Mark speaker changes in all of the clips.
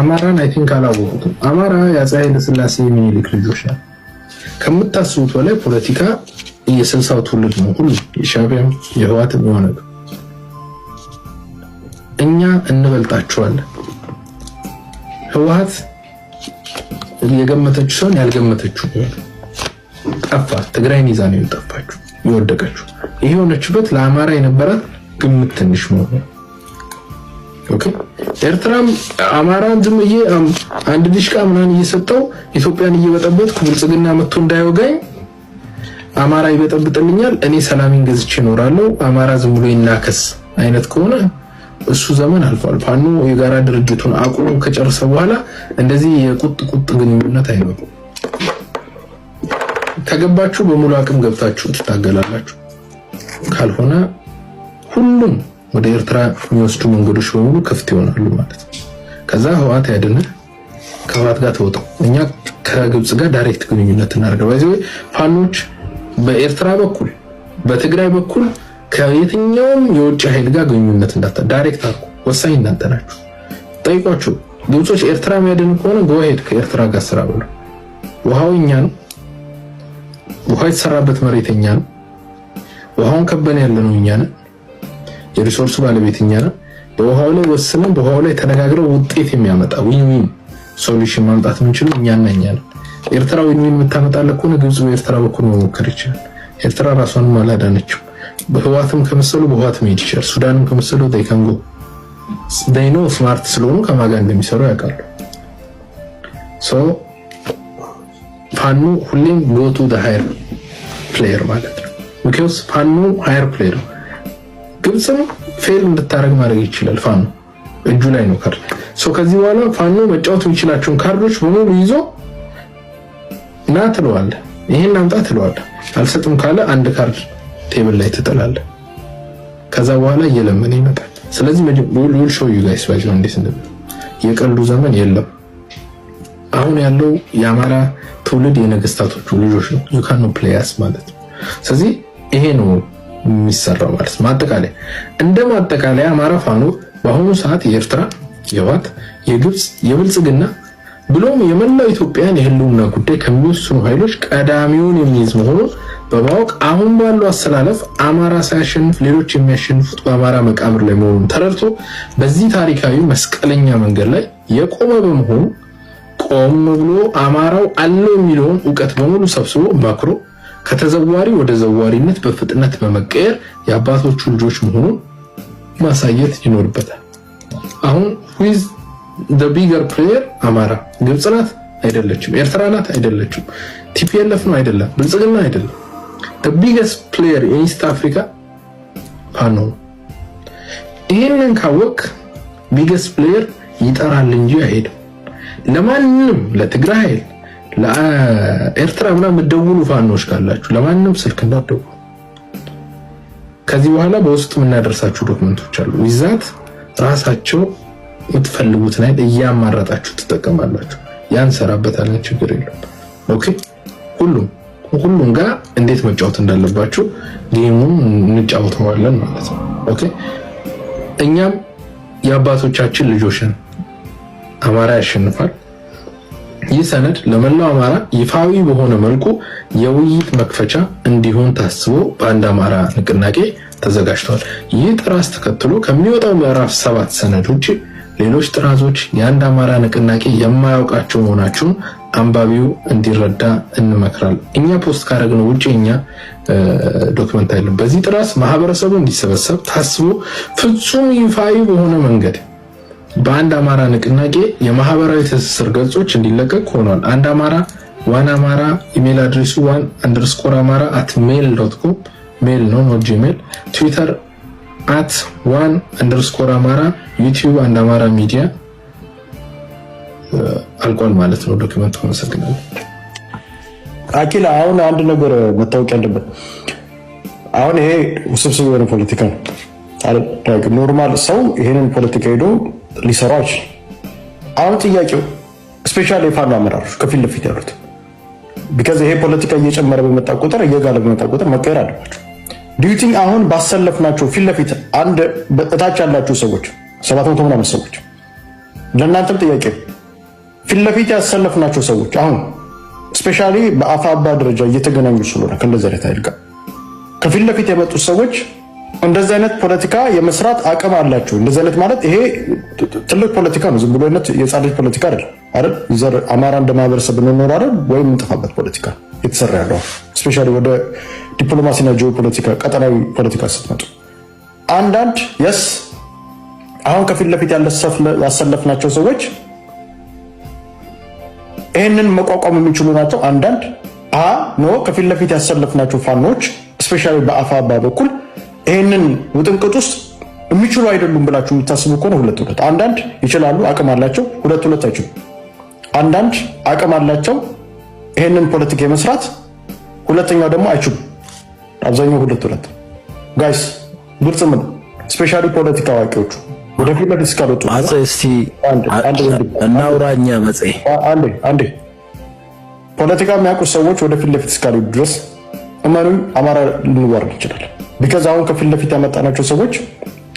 Speaker 1: አማራን አይ ቲንክ አላወቁትም። አማራ የአፄ ኃይለ ሥላሴ የሚኒልክ ልጆች ናል። ከምታስቡት በላይ ፖለቲካ የስልሳው ትውልድ ነው። ሁሉ የሻቢያም የህዋት የሆነ እኛ እንበልጣቸዋለን። ህወሀት የገመተችው ሰውን ያልገመተችው ጠፋ። ትግራይን ይዛ ነው የጠፋችሁ የወደቀችው። ይህ የሆነችበት ለአማራ የነበራት ግምት ትንሽ መሆኑ ኤርትራም አማራን ዝም ብዬ አንድ ድሽቃ ምናምን እየሰጠው ኢትዮጵያን እየበጠበጥኩ ብልጽግና መጥቶ እንዳይወጋኝ አማራ ይበጠብጥልኛል፣ እኔ ሰላሜን ገዝቼ እኖራለሁ፣ አማራ ዝም ብሎ ይናከስ አይነት ከሆነ እሱ ዘመን አልፏል። ፋኖ የጋራ ድርጅቱን አቁሞ ከጨረሰ በኋላ እንደዚህ የቁጥ ቁጥ ግንኙነት አይኖሩ። ከገባችሁ በሙሉ አቅም ገብታችሁ ትታገላላችሁ፣ ካልሆነ ሁሉም ወደ ኤርትራ የሚወስዱ መንገዶች በሙሉ ክፍት ይሆናሉ ማለት ነው። ከዛ ህዋት ያድነ ከህዋት ጋር ተወጡ። እኛ ከግብፅ ጋር ዳይሬክት ግንኙነት እናደርገ በዚህ ወይ ፋኖች በኤርትራ በኩል በትግራይ በኩል ከየትኛውም የውጭ ኃይል ጋር ግንኙነት እንዳታ ዳይሬክት አርኩ ወሳኝ እናንተ ናችሁ። ጠይቋችሁ ግብጾች ኤርትራ የሚያድን ከሆነ ጎሄድ ከኤርትራ ጋር ስራ ብሎ ውሃው እኛ ነው። ውሃ የተሰራበት መሬት እኛ ነው። ውሃውን ከበን ያለነው እኛ ነን። የሪሶርሱ ባለቤት እኛ ነው። በውሃው ላይ ወስነን በውሃው ላይ ተነጋግረው ውጤት የሚያመጣ ዊን ዊን ሶሉሽን ማምጣት የምንችለው እኛና እኛ ነው። ኤርትራ ዊን ዊን የምታመጣለት ከሆነ ግብፅ በኤርትራ በኩል መሞከር ይችላል። ኤርትራ ራሷንም አላዳነችው። በህዋትም ከመሰሉ በህዋት መሄድ ይችላል። ሱዳንም ከመሰሉ ይከንጎ ደይኖ ስማርት ስለሆኑ ከማጋ እንደሚሰሩ ያውቃሉ። ፋኖ ሁሌም ጎቱ ሀየር ፕሌየር ማለት ነው። ምክንያቱም ፋኖ ሀየር ፕሌየር ግብፅም ፌል እንድታደረግ ማድረግ ይችላል። ፋኖ እጁ ላይ ነው ካርድ ሰው። ከዚህ በኋላ ፋኖ መጫወት የሚችላቸውን ካርዶች በሙሉ ይዞ ና ትለዋለ፣ ይህን አምጣ ትለዋለ። አልሰጥም ካለ አንድ ካርድ ቴብል ላይ ትጥላለ። ከዛ በኋላ እየለመን ይመጣል። ስለዚህ ዊል ሾው ዩ ጋይስ ባይ ነው እንዴት እንደ የቀልዱ ዘመን የለም። አሁን ያለው የአማራ ትውልድ የነገስታቶቹ ልጆች ነው። ዩካኖ ፕሌያስ ማለት ነው። ስለዚህ ይሄ ነው የሚሰራው ማለት ማጠቃለያ እንደ ማጠቃለያ አማራ ፋኖ በአሁኑ ሰዓት የኤርትራ የባት፣ የግብፅ የብልጽግና ብሎም የመላው ኢትዮጵያን የህልውና ጉዳይ ከሚወስኑ ኃይሎች ቀዳሚውን የሚይዝ መሆኑን በማወቅ አሁን ባለው አሰላለፍ አማራ ሳያሸንፍ ሌሎች የሚያሸንፉት በአማራ መቃብር ላይ መሆኑን ተረድቶ በዚህ ታሪካዊ መስቀለኛ መንገድ ላይ የቆመ በመሆኑ ቆም ብሎ አማራው አለው የሚለውን እውቀት በሙሉ ሰብስቦ መክሮ ከተዘዋሪ ወደ ዘዋሪነት በፍጥነት በመቀየር የአባቶቹ ልጆች መሆኑን ማሳየት ይኖርበታል። አሁን ዊዝ ዘ ቢገር ፕሌየር አማራ ግብጽ ናት አይደለችም፣ ኤርትራ ናት አይደለችም፣ ቲፒኤልኤፍ ነው አይደለም፣ ብልጽግና አይደለም። ቢገስት ፕሌየር ኢስት አፍሪካ ፋኖ ነው። ይህንን ካወቅ ቢገስት ፕሌየር ይጠራል እንጂ አይሄድም። ለማንም ለትግራይ ኃይል ለኤርትራ ምናምን የምትደውሉ ፋኖች ካላችሁ ለማንም ስልክ እንዳትደውሉ። ከዚህ በኋላ በውስጥ የምናደርሳችሁ ዶክመንቶች አሉ። ይዛት ራሳቸው የምትፈልጉት አይደል እያማረጣችሁ ትጠቀማላችሁ። ያን ሰራበታለን፣ ችግር የለም። ኦኬ ሁሉም ሁሉም ጋር እንዴት መጫወት እንዳለባችሁ ጌሙን እንጫወተዋለን ማለት ነው። ኦኬ እኛም የአባቶቻችን ልጆችን አማራ ያሸንፋል። ይህ ሰነድ ለመላው አማራ ይፋዊ በሆነ መልኩ የውይይት መክፈቻ እንዲሆን ታስቦ በአንድ አማራ ንቅናቄ ተዘጋጅቷል። ይህ ጥራዝ ተከትሎ ከሚወጣው ምዕራፍ ሰባት ሰነድ ውጭ ሌሎች ጥራዞች የአንድ አማራ ንቅናቄ የማያውቃቸው መሆናቸውን አንባቢው እንዲረዳ እንመክራል። እኛ ፖስት ካደረግነው ውጭ እኛ ዶክመንት አይለም። በዚህ ጥራስ ማህበረሰቡ እንዲሰበሰብ ታስቦ ፍጹም ይፋዊ በሆነ መንገድ በአንድ አማራ ንቅናቄ የማህበራዊ ትስስር ገጾች እንዲለቀቅ ሆኗል። አንድ አማራ ዋን አማራ ኢሜል አድሬሱ ዋን አንደርስኮር አማራ አት ሜል ዶት ኮም ሜል ነው ኖት ጂሜል። ትዊተር አት ዋን አንደርስኮር አማራ፣ ዩቲዩብ አንድ አማራ ሚዲያ። አልቋል ማለት ነው ዶክመንቱ። አመሰግናለሁ። አኪል አሁን አንድ ነገር መታወቅ ያለበት አሁን ይሄ ውስብስብ የሆነ ፖለቲካ ነው። ኖርማል ሰው ይህንን ፖለቲካ ሄዶ ሊሰራ አይችልም። አሁን ጥያቄው ስፔሻል የፋኖ አመራሮች ከፊት ለፊት ያሉት ቢካዝ ይሄ ፖለቲካ እየጨመረ በመጣ ቁጥር እየጋለ በመጣ ቁጥር መቀየር አለባቸው። ዲዩቲንግ አሁን ባሰለፍናቸው ፊት ለፊት አንድ እታች ያላችሁ ሰዎች ሰባት መቶ ምናምን ሰዎች ለእናንተም ጥያቄ ፊት ለፊት ያሰለፍናቸው ሰዎች አሁን ስፔሻሊ በአፋባ ደረጃ እየተገናኙ ስለሆነ ከእንደዚህ አይነት አይልቃ ከፊት ለፊት የመጡት ሰዎች እንደዚህ አይነት ፖለቲካ የመስራት አቅም አላችሁ። እንደዚህ አይነት ማለት ይሄ ትልቅ ፖለቲካ ነው። ዝም ብሎ አይነት የጻድቅ ፖለቲካ አይደለም አይደል? ዘር አማራ እንደ ማህበረሰብ ብንኖር አይደል ወይም የምንጠፋበት ፖለቲካ የተሰራ ያለው እስፔሻሊ ወደ ዲፕሎማሲና ጂኦ ፖለቲካ ቀጠናዊ ፖለቲካ ስትመጡ አንዳንድ የስ አሁን ከፊት ለፊት ያሰለፍናቸው ሰዎች ይህንን መቋቋም የሚችሉ ናቸው። አንዳንድ አ ኖ ከፊት ለፊት ያሰለፍናቸው ፋኖች እስፔሻሊ በአፋባ በኩል ይህንን ውጥንቅጥ ውስጥ የሚችሉ አይደሉም ብላችሁ የምታስቡ ከሆነ ሁለት ሁለት፣ አንዳንድ ይችላሉ፣ አቅም አላቸው፣ ሁለት ሁለት አይችሉ። አንዳንድ አቅም አላቸው ይህንን ፖለቲካ የመስራት ሁለተኛው ደግሞ አይችሉ። አብዛኛው ሁለት ሁለት። ጋይስ ግልጽ ምን ስፔሻሊ ፖለቲካ አዋቂዎቹ ወደፊት ለፊት እስካልወጡ እናውራኛ አንዴ አንዴ ፖለቲካ የሚያውቁት ሰዎች ወደፊት ለፊት እስካልወጡ ድረስ እመኑ አማራ ልንዋርድ እንችላለን። ቢካዝ አሁን ከፊት ለፊት ያመጣናቸው ሰዎች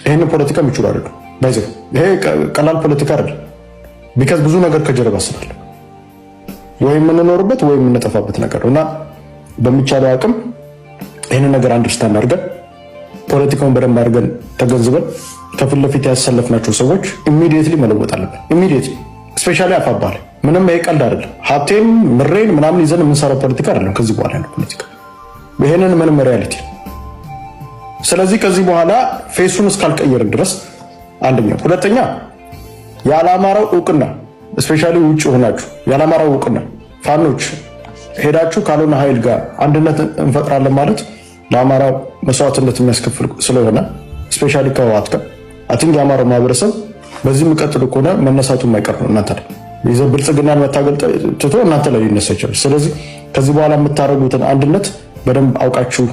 Speaker 1: ይህንን ፖለቲካ የሚችሉ አይደሉ። ይዘ ይሄ ቀላል ፖለቲካ አይደለም። ቢካዝ ብዙ ነገር ከጀርባ ስላለ ወይ የምንኖርበት ወይም የምንጠፋበት ነገር እና በሚቻለው አቅም ይህንን ነገር አንደርስታንድ አድርገን ፖለቲካውን በደንብ አድርገን ተገንዝበን ከፊት ለፊት ያሰለፍናቸው ሰዎች ኢሚዲየትሊ መለወጥ አለብን። ኢሚዲየትሊ ስፔሻሊ አፋባል ምንም ይሄ ቀልድ አይደለም። ሀብቴን ምሬን ምናምን ይዘን የምንሰራው ፖለቲካ አይደለም። ከዚህ በኋላ ያለው ፖለቲካ ይህንን ምንም ሪያሊቲ ስለዚህ ከዚህ በኋላ ፌሱን እስካልቀየርን ድረስ አንደኛ፣ ሁለተኛ የአላማራው እውቅና እስፔሻሊ ውጭ ሆናችሁ የአላማራው እውቅና ፋኖች ሄዳችሁ ካልሆነ ኃይል ጋር አንድነት እንፈጥራለን ማለት ለአማራ መስዋዕትነት የሚያስከፍል ስለሆነ ስፔሻ ከህወሓት ጋር የአማራው ማህበረሰብ በዚህ የሚቀጥሉ ከሆነ መነሳቱ የማይቀር ነው። እናንተ ላይ ይዘ ብልጽግናን መታገል ትቶ እናንተ ላይ ሊነሳ ይችላል። ስለዚህ ከዚህ በኋላ የምታደርጉትን አንድነት በደንብ አውቃችሁ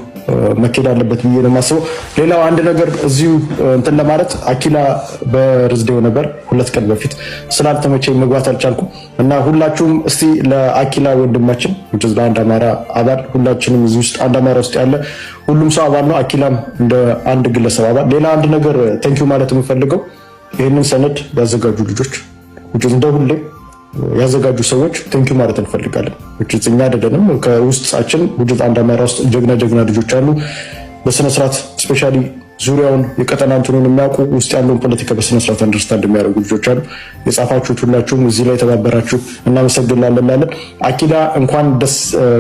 Speaker 1: መኬድ አለበት ብዬ ነው የማስበው። ሌላው አንድ ነገር እዚሁ እንትን ለማለት አኪላ በርዝዴው ነበር ሁለት ቀን በፊት ስላልተመቸኝ መግባት አልቻልኩም እና ሁላችሁም እስቲ ለአኪላ ወንድማችን ለአንድ አማራ አባል ሁላችንም እዚህ ውስጥ አንድ አማራ ውስጥ ያለ ሁሉም ሰው አባል ነው። አኪላም እንደ አንድ ግለሰብ አባል። ሌላ አንድ ነገር ቴንኪው ማለት የምፈልገው ይህንን ሰነድ ያዘጋጁ ልጆች እንደ ያዘጋጁ ሰዎች ቴንኪው ማለት እንፈልጋለን። እኛ አይደለንም፣ ከውስጣችን ውጅት አንድ አማራ ውስጥ ጀግና ጀግና ልጆች አሉ። በስነስርዓት ስፔሻሊ ዙሪያውን የቀጠና እንትኑን የሚያውቁ ውስጥ ያለውን ፖለቲካ በስነስርዓት አንደርስታንድ የሚያደርጉ ልጆች አሉ። የጻፋችሁት ሁላችሁም እዚህ ላይ የተባበራችሁ እናመሰግናለን። ላለን አኪዳ እንኳን ደስ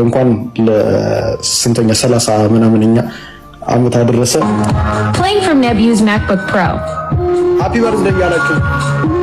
Speaker 1: እንኳን ለስንተኛ ሰላሳ ምናምንኛ አመት አደረሰ።
Speaker 2: ፕሌይንግ ፍሮም ኔቢዩዝ ማክቡክ ፕሮ ሃፒ በርዝደይ ያላችሁ